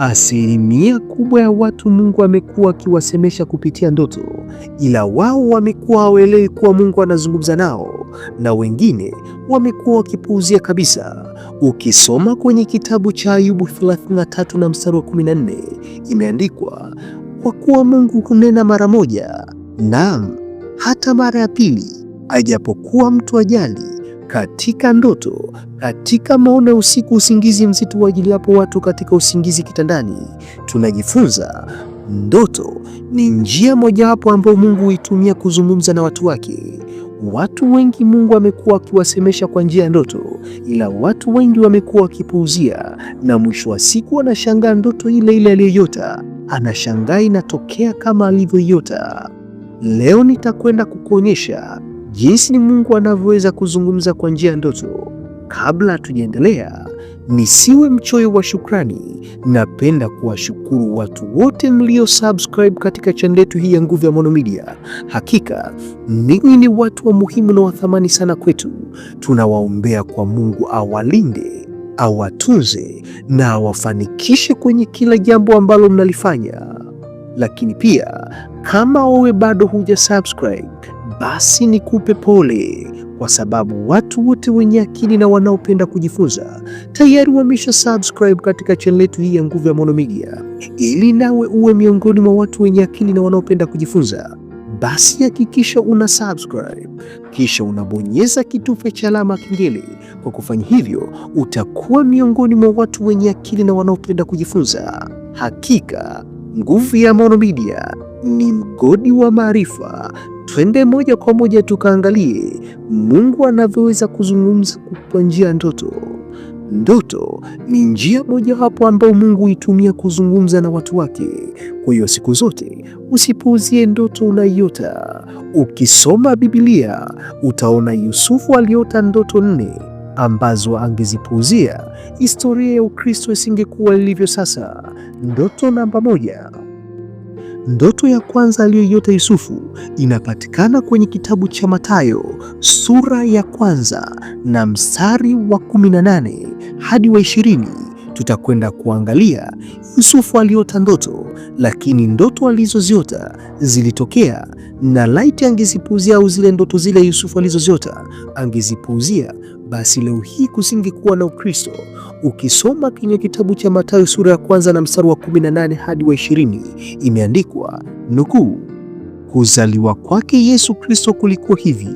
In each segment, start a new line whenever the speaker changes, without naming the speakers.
Asilimia kubwa ya watu Mungu amekuwa akiwasemesha kupitia ndoto, ila wao wamekuwa hawaelewi kuwa Mungu anazungumza nao, na wengine wamekuwa wakipuuzia kabisa. Ukisoma kwenye kitabu cha Ayubu 33 na mstari wa 14, imeandikwa kwa kuwa Mungu hunena mara moja, naam hata mara ya pili, ajapokuwa mtu ajali katika ndoto, katika maono ya usiku, usingizi mzito yapo watu katika usingizi kitandani. Tunajifunza ndoto ni njia mojawapo ambayo Mungu huitumia kuzungumza na watu wake. Watu wengi Mungu amekuwa akiwasemesha kwa njia ya ndoto, ila watu wengi wamekuwa wakipuuzia, na mwisho wa siku wanashangaa ndoto ile ile aliyoyota, anashangaa inatokea kama alivyoyota. Leo nitakwenda kukuonyesha jinsi ni Mungu anavyoweza kuzungumza kwa njia ya ndoto. Kabla hatujaendelea, nisiwe mchoyo wa shukrani, napenda kuwashukuru watu wote mlio subscribe katika chaneli yetu hii ya Nguvu ya Maono Media. Hakika ninyi ni watu wa muhimu na wathamani sana kwetu. Tunawaombea kwa Mungu awalinde, awatunze na awafanikishe kwenye kila jambo ambalo mnalifanya. Lakini pia kama wewe bado huja subscribe basi nikupe pole, kwa sababu watu wote wenye akili na wanaopenda kujifunza tayari wamesha subscribe katika channel yetu hii ya Nguvu ya Maono Media. Ili nawe uwe miongoni mwa watu wenye akili na wanaopenda kujifunza, basi hakikisha una subscribe kisha unabonyeza kitufe cha alama kengele. Kwa kufanya hivyo, utakuwa miongoni mwa watu wenye akili na wanaopenda kujifunza. Hakika Nguvu ya Maono Media ni mgodi wa maarifa. Twende moja kwa moja tukaangalie Mungu anavyoweza kuzungumza kwa njia ya ndoto. Ndoto ni njia mojawapo ambayo Mungu huitumia kuzungumza na watu wake. Kwa hiyo siku zote usipuuzie ndoto unaiota. Ukisoma Biblia utaona Yusufu aliota ndoto nne ambazo angezipuuzia, historia ya Ukristo isingekuwa ilivyo sasa. Ndoto namba moja Ndoto ya kwanza aliyoiota Yusufu inapatikana kwenye kitabu cha Mathayo sura ya kwanza na mstari wa 18 hadi wa 20. Tutakwenda kuangalia Yusufu aliota ndoto, lakini ndoto alizoziota zilitokea, na laiti angezipuuzia au zile ndoto zile Yusufu alizoziota angezipuuzia basi leo hii kusingekuwa na Ukristo. Ukisoma kwenye kitabu cha Mathayo sura ya kwanza na mstari wa 18 hadi wa 20, imeandikwa nukuu, kuzaliwa kwake Yesu Kristo kulikuwa hivi: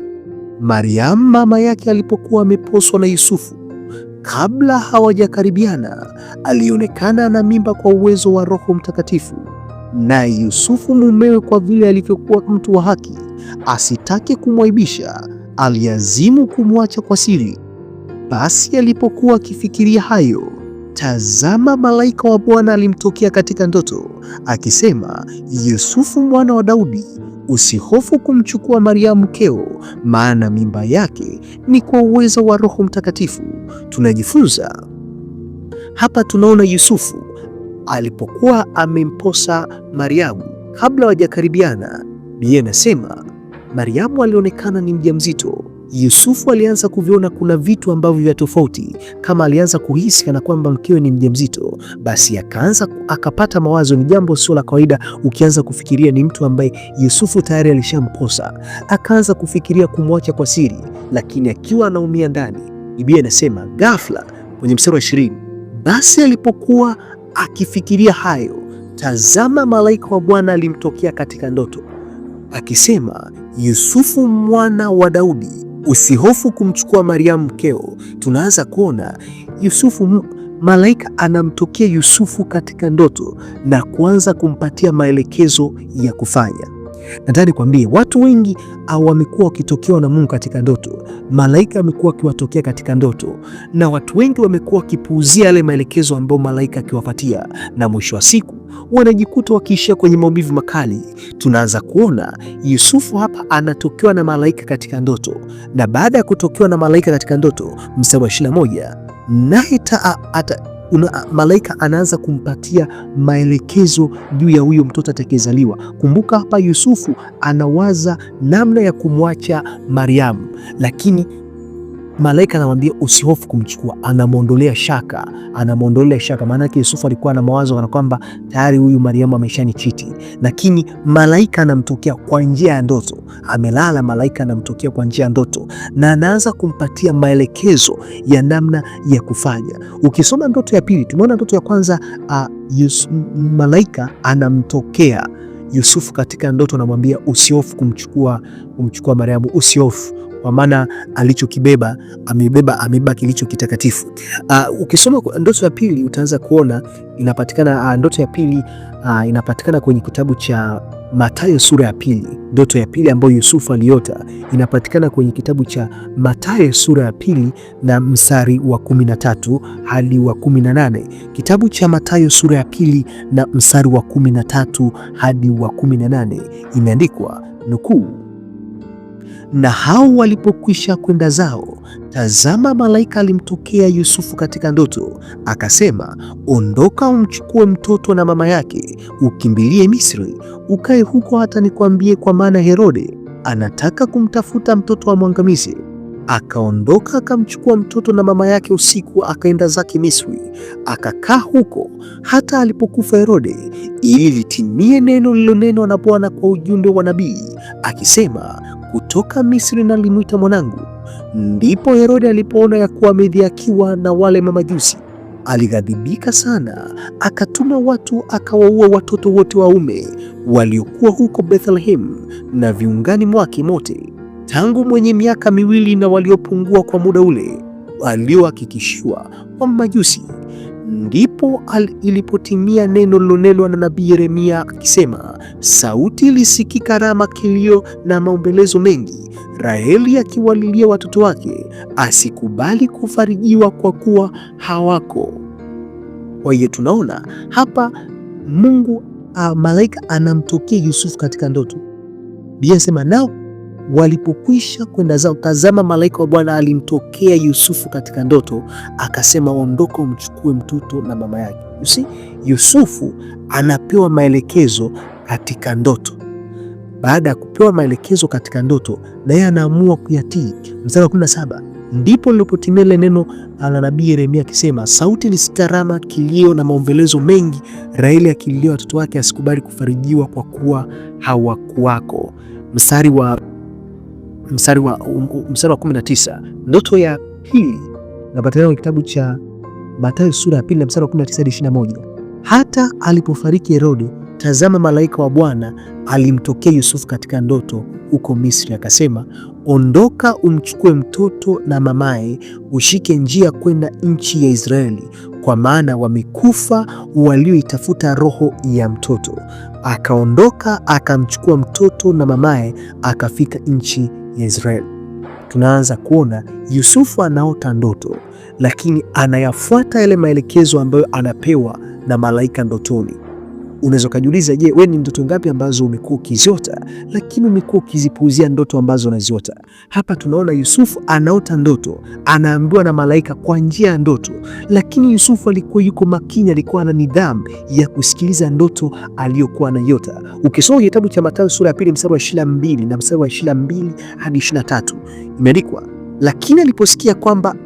Mariamu mama yake alipokuwa ameposwa na Yusufu, kabla hawajakaribiana, alionekana na mimba kwa uwezo wa Roho Mtakatifu. Naye Yusufu mumewe, kwa vile alivyokuwa mtu wa haki, asitake kumwaibisha, aliazimu kumwacha kwa siri. Basi alipokuwa akifikiria hayo, tazama, malaika wa Bwana alimtokea katika ndoto akisema, Yusufu mwana wa Daudi, usihofu kumchukua Mariamu mkeo, maana mimba yake ni kwa uwezo wa Roho Mtakatifu. Tunajifunza hapa, tunaona Yusufu alipokuwa amemposa Mariamu kabla hawajakaribiana, biye anasema Mariamu alionekana ni mjamzito. Yusufu alianza kuviona kuna vitu ambavyo vya tofauti, kama alianza kuhisi kana kwamba mkewe ni mjamzito. Basi akaanza akapata mawazo, ni jambo sio la kawaida ukianza kufikiria ni mtu ambaye Yusufu tayari alishamposa. Akaanza kufikiria kumwacha kwa siri, lakini akiwa anaumia ndani, Biblia inasema ghafla kwenye mstari wa ishirini, basi alipokuwa akifikiria hayo, tazama, malaika wa Bwana alimtokea katika ndoto akisema, Yusufu mwana wa Daudi, usihofu kumchukua Mariamu mkeo. Tunaanza kuona Yusufu, malaika anamtokea Yusufu katika ndoto na kuanza kumpatia maelekezo ya kufanya. Nataka nikwambie watu wengi au wamekuwa wakitokewa na Mungu katika ndoto, malaika amekuwa akiwatokea katika ndoto, na watu wengi wamekuwa wakipuuzia yale maelekezo ambayo malaika akiwapatia, na mwisho wa siku wanajikuta wakiishia kwenye maumivu makali. Tunaanza kuona Yusufu hapa anatokewa na malaika katika ndoto, na baada ya kutokewa na malaika katika ndoto, mstari wa 21 naye Una, malaika anaanza kumpatia maelekezo juu ya huyo mtoto atakayezaliwa. Kumbuka hapa Yusufu anawaza namna ya kumwacha Mariamu, lakini Malaika anamwambia usihofu kumchukua, anamwondolea shaka, anamwondolea shaka. Maana yake Yusufu alikuwa na mawazo kana kwamba tayari huyu Mariamu ameshanichiti, lakini malaika anamtokea kwa njia ya ndoto. Amelala, malaika anamtokea kwa njia ya ndoto na anaanza kumpatia maelekezo ya namna ya kufanya. Ukisoma ndoto ya pili, tumeona ndoto ya kwanza uh, Yus, malaika anamtokea Yusufu katika ndoto, anamwambia usihofu kumchukua kumchukua Mariamu, usihofu kwa maana alichokibeba amebeba, amebeba kilicho kitakatifu. Uh, ukisoma ndoto ya pili utaanza kuona inapatikana. Uh, ndoto ya pili uh, inapatikana kwenye kitabu cha Mathayo sura ya pili. Ndoto ya pili ambayo Yusufu aliota inapatikana kwenye kitabu cha Mathayo sura ya pili na mstari wa 13 hadi wa 18. Kitabu cha Mathayo sura ya pili na mstari wa 13 hadi wa 18 imeandikwa nukuu na hao walipokwisha kwenda zao, tazama, malaika alimtokea Yusufu katika ndoto, akasema, ondoka, umchukue mtoto na mama yake, ukimbilie Misri, ukae huko hata nikwambie, kwa maana Herode anataka kumtafuta mtoto wa mwangamizi Akaondoka akamchukua mtoto na mama yake usiku, akaenda zake Misri, akakaa huko hata alipokufa Herode, ili litimie neno lililonenwa na Bwana kwa ujumbe wa nabii akisema kutoka Misri na alimwita mwanangu. Ndipo Herode alipoona ya kuwa amedhiakiwa na wale mamajusi, alighadhibika sana, akatuma watu akawaua watoto wote waume waliokuwa huko Bethlehem na viungani mwake mote, tangu mwenye miaka miwili na waliopungua kwa muda ule aliohakikishiwa kwa mamajusi Ndipo ilipotimia neno lilonenwa na nabii Yeremia akisema, sauti ilisikika Rama, kilio na maombelezo mengi, Raheli akiwalilia watoto wake, asikubali kufarijiwa kwa kuwa hawako. Kwa hiyo tunaona hapa Mungu, malaika anamtokea Yusufu katika ndoto. Biblia inasema nao Walipokwisha kwenda zao, tazama, malaika wa Bwana alimtokea Yusufu katika ndoto, akasema, ondoka umchukue mtoto na mama yake. You see, Yusufu anapewa maelekezo katika ndoto. Baada ya kupewa maelekezo katika ndoto, na yeye anaamua kuyatii. Mstari wa 17 ndipo lilipotimia lile neno la nabii Yeremia akisema, sauti ni sitarama, kilio na maombelezo mengi, Raheli akililia watoto wake, asikubali kufarijiwa kwa kuwa hawakuwako. Mstari wa mstari wa, um, um, mstari wa 19. Ndoto ya pili napatikana kwenye kitabu cha Mathayo sura ya pili na mstari wa 19 hadi 21. Hata alipofariki Herode, tazama, malaika wa Bwana alimtokea Yusufu katika ndoto huko Misri, akasema, ondoka umchukue mtoto na mamaye, ushike njia kwenda nchi ya Israeli, kwa maana wamekufa walioitafuta roho ya mtoto. Akaondoka akamchukua mtoto na mamaye, akafika nchi ya Israeli. Tunaanza kuona Yusufu anaota ndoto, lakini anayafuata yale maelekezo ambayo anapewa na malaika ndotoni. Unaweza ukajiuliza, je, wewe ni ndoto ngapi ambazo umekuwa ukiziota lakini umekuwa ukizipuuzia ndoto ambazo unaziota? Hapa tunaona Yusufu anaota ndoto, anaambiwa na malaika kwa njia ya ndoto, lakini Yusufu alikuwa yuko makini, alikuwa na nidhamu ya kusikiliza ndoto aliyokuwa anaiota. Ukisoma kitabu cha Mathayo sura ya pili mstari wa 22 na mstari wa 22 hadi 23 imeandikwa, lakini aliposikia kwamba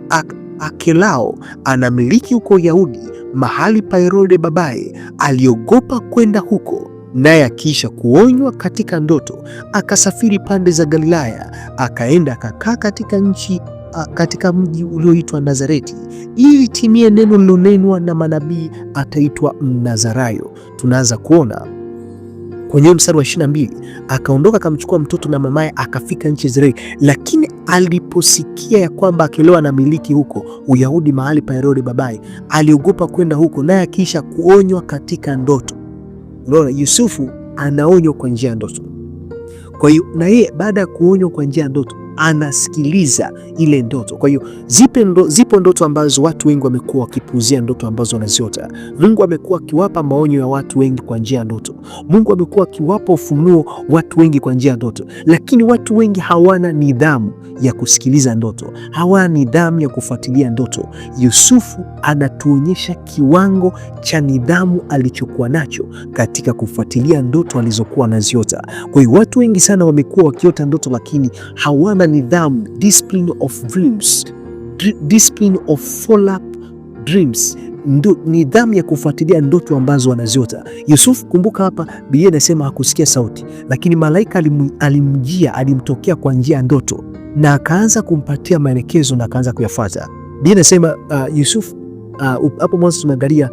Akelao anamiliki huko Yahudi mahali pa Herode babaye, aliogopa kwenda huko, naye akiisha kuonywa katika ndoto akasafiri pande za Galilaya, akaenda akakaa katika nchi katika mji ulioitwa Nazareti ili timie neno lilonenwa na manabii, ataitwa Mnazarayo. Tunaanza kuona kwenye mstari wa 22, akaondoka akamchukua mtoto na mamaye akafika nchi Israeli. Lakini aliposikia ya kwamba akilewa na miliki huko Uyahudi, mahali pa Herode babaye, aliogopa kwenda huko, naye akiisha kuonywa katika ndoto. Unaona, Yusufu anaonywa kwa njia ya ndoto. Kwa hiyo na yeye baada ya kuonywa kwa njia ya ndoto anasikiliza ile ndoto. Kwa hiyo ndo, zipo ndoto ambazo watu wengi wamekuwa wakipuuzia ndoto ambazo wanaziota. Mungu amekuwa akiwapa maonyo ya watu wengi kwa njia ya ndoto. Mungu amekuwa akiwapa ufunuo watu wengi kwa njia ya ndoto, lakini watu wengi hawana nidhamu ya kusikiliza ndoto, hawana nidhamu ya kufuatilia ndoto. Yusufu anatuonyesha kiwango cha nidhamu alichokuwa nacho katika kufuatilia ndoto alizokuwa anaziota. Kwa hiyo watu wengi sana wamekuwa wakiota ndoto, lakini hawana na nidhamu, discipline of dreams, discipline of follow up dreams Ndo, nidhamu ya kufuatilia ndoto ambazo wanaziota. Yusufu, kumbuka hapa Biblia inasema hakusikia sauti, lakini malaika alim, alimjia alimtokea kwa njia ya ndoto na akaanza kumpatia maelekezo na akaanza kuyafuata. Biblia inasema uh, Yusufu uh, hapo uh, mwanzo tumeangalia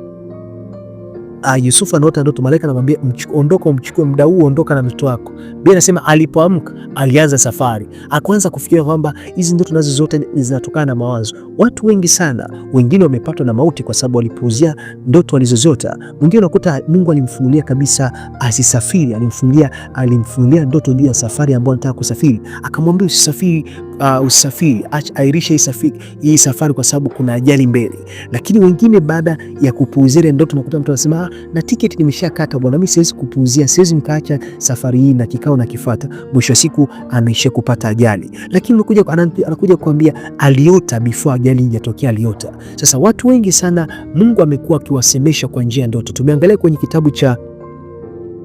uh, Yusufu anaota ndoto, malaika anamwambia ondoka, umchukue muda huu, ondoka na mtoto wako. Biblia inasema alipoamka alianza safari, akaanza kufikiria kwamba hizi ndoto nazo zote zinatokana na mawazo. Watu wengi sana, wengine wamepatwa na mauti kwa sababu walipuuzia ndoto walizoziota. Mwingine unakuta Mungu alimfunulia kabisa asisafiri, alimfunulia alimfunulia ndoto juu ya safari ambayo anataka kusafiri, akamwambia usisafiri uh, usafiri, airisha hii safari kwa sababu kuna ajali mbele. Lakini wengine baada ya kupuuzia ile ndoto, unakuta mtu anasema ah, na tiketi nimeshakata bwana, mimi siwezi kupuuzia, siwezi nikaacha safari hii na kikao kifuata. Mwisho wa siku ameisha kupata ajali, lakini unakuja anakuja kuambia aliota before ajali ijatokea, aliota. Sasa watu wengi sana Mungu amekuwa akiwasemesha kwa njia ya ndoto. Tumeangalia kwenye kitabu cha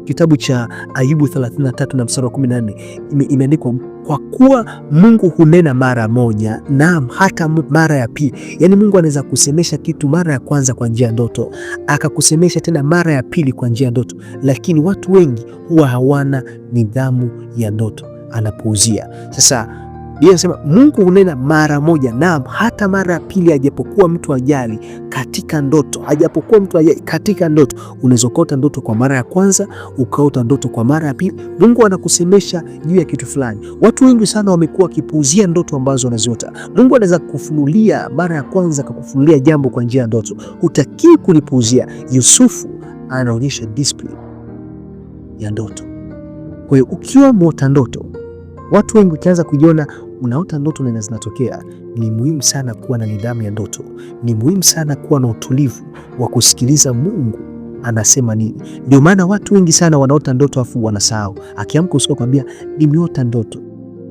kitabu cha Ayubu 33 na mstari wa 14 imeandikwa kwa kuwa Mungu hunena mara moja, naam, hata mara ya pili. Yaani Mungu anaweza kusemesha kitu mara ya kwanza kwa njia ya ndoto, akakusemesha tena mara ya pili kwa njia ya ndoto, lakini watu wengi huwa hawana nidhamu ya ndoto anapouzia sasa Biblia inasema Mungu hunena mara moja, naam hata mara ya pili, ajapokuwa mtu ajali katika ndoto, ajapokuwa mtu ajali katika ndoto. Unaweza ukaota ndoto kwa mara ya kwanza, ukaota ndoto kwa mara ya pili. Mungu anakusemesha juu ya kitu fulani. Watu wengi sana wamekuwa wakipuuzia ndoto ambazo wanaziota. Mungu anaweza kukufunulia mara ya kwanza, akakufunulia jambo kwa njia ya ndoto, hutakii kulipuuzia. Yusufu anaonyesha discipline ya ndoto. Kwa hiyo ukiwa mwota ndoto, watu wengi ukianza kujiona unaota ndoto na zinatokea, ni muhimu sana kuwa na nidhamu ya ndoto. Ni muhimu sana kuwa na utulivu wa kusikiliza Mungu anasema nini. Ndio maana watu wengi sana wanaota ndoto afu wanasahau. Akiamka usiku akwambia nimeota ndoto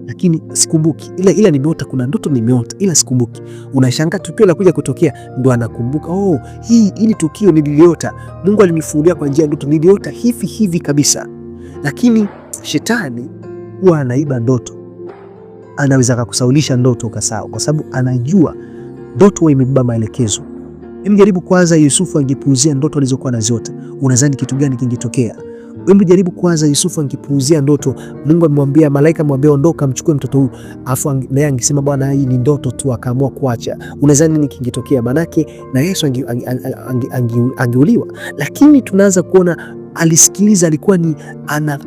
lakini sikumbuki, ila ila nimeota, kuna ndoto nimeota, ila sikumbuki. Unashangaa tukio la kuja kutokea, ndo anakumbuka oh, hii ili tukio nililiota, Mungu alinifunulia kwa njia ya ndoto, niliota hivi hivi kabisa. Lakini shetani huwa anaiba ndoto anaweza akakusaulisha ndoto ukasahau, kwa sababu anajua ndoto huwa imebeba maelekezo. Hebu jaribu kwanza, Yusufu angepuuzia ndoto alizokuwa nazote, unadhani kitu gani kingetokea? Hebu jaribu kwanza, Yusufu angepuuzia ndoto, Mungu amemwambia malaika, amwambia ondoka, mchukue mtoto huyu, afu naye angesema bwana, hii ni ndoto tu, akaamua kuacha, unadhani nini kingetokea? Maanake na Yesu angeuliwa. Lakini tunaanza kuona alisikiliza, alikuwa ni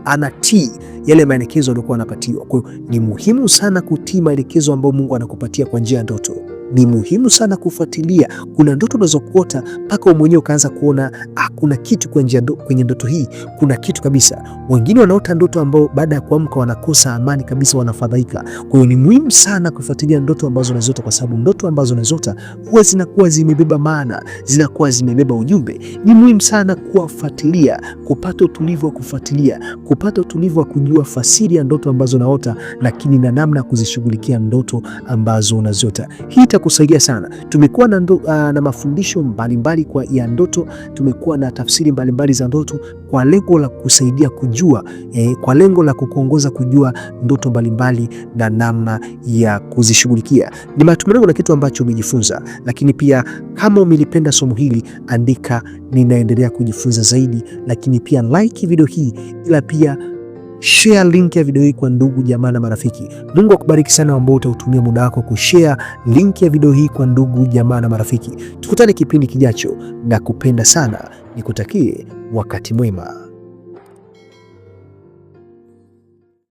anatii yale maelekezo aliokuwa anapatiwa. Kwa hiyo ni muhimu sana kutii maelekezo ambayo Mungu anakupatia kwa njia ya ndoto ni muhimu sana kufuatilia. Kuna ndoto unazokuota mpaka mwenyewe ukaanza kuona ah, kuna kitu kwenye ndoto hii, kuna kitu kabisa. Wengine wanaota ndoto ambao baada ya kuamka wanakosa amani kabisa, wanafadhaika. Kwa hiyo ni muhimu sana kufuatilia ndoto ambazo unazota, kwa sababu ndoto ambazo unazota huwa zinakuwa zimebeba maana, zinakuwa zimebeba ujumbe. Ni muhimu sana kuwafuatilia, kupata utulivu wa kufuatilia, kupata utulivu wa kujua fasiri ya ndoto ambazo unaota, lakini na namna ya kuzishughulikia ndoto ambazo unaziota hii kusaidia sana. Tumekuwa na, ndo, uh, na mafundisho mbalimbali kwa ya ndoto, tumekuwa na tafsiri mbalimbali za ndoto kwa lengo la kusaidia kujua eh, kwa lengo la kukuongoza kujua ndoto mbalimbali na namna ya kuzishughulikia. Ni matumaini yangu na kitu ambacho umejifunza, lakini pia kama umelipenda somo hili andika ninaendelea kujifunza zaidi, lakini pia like video hii, ila pia share link ya video hii kwa ndugu jamaa na marafiki. Mungu akubariki sana ambao utautumia muda wako kushare link ya video hii kwa ndugu jamaa na marafiki. Tukutane kipindi kijacho, na kupenda sana nikutakie wakati mwema.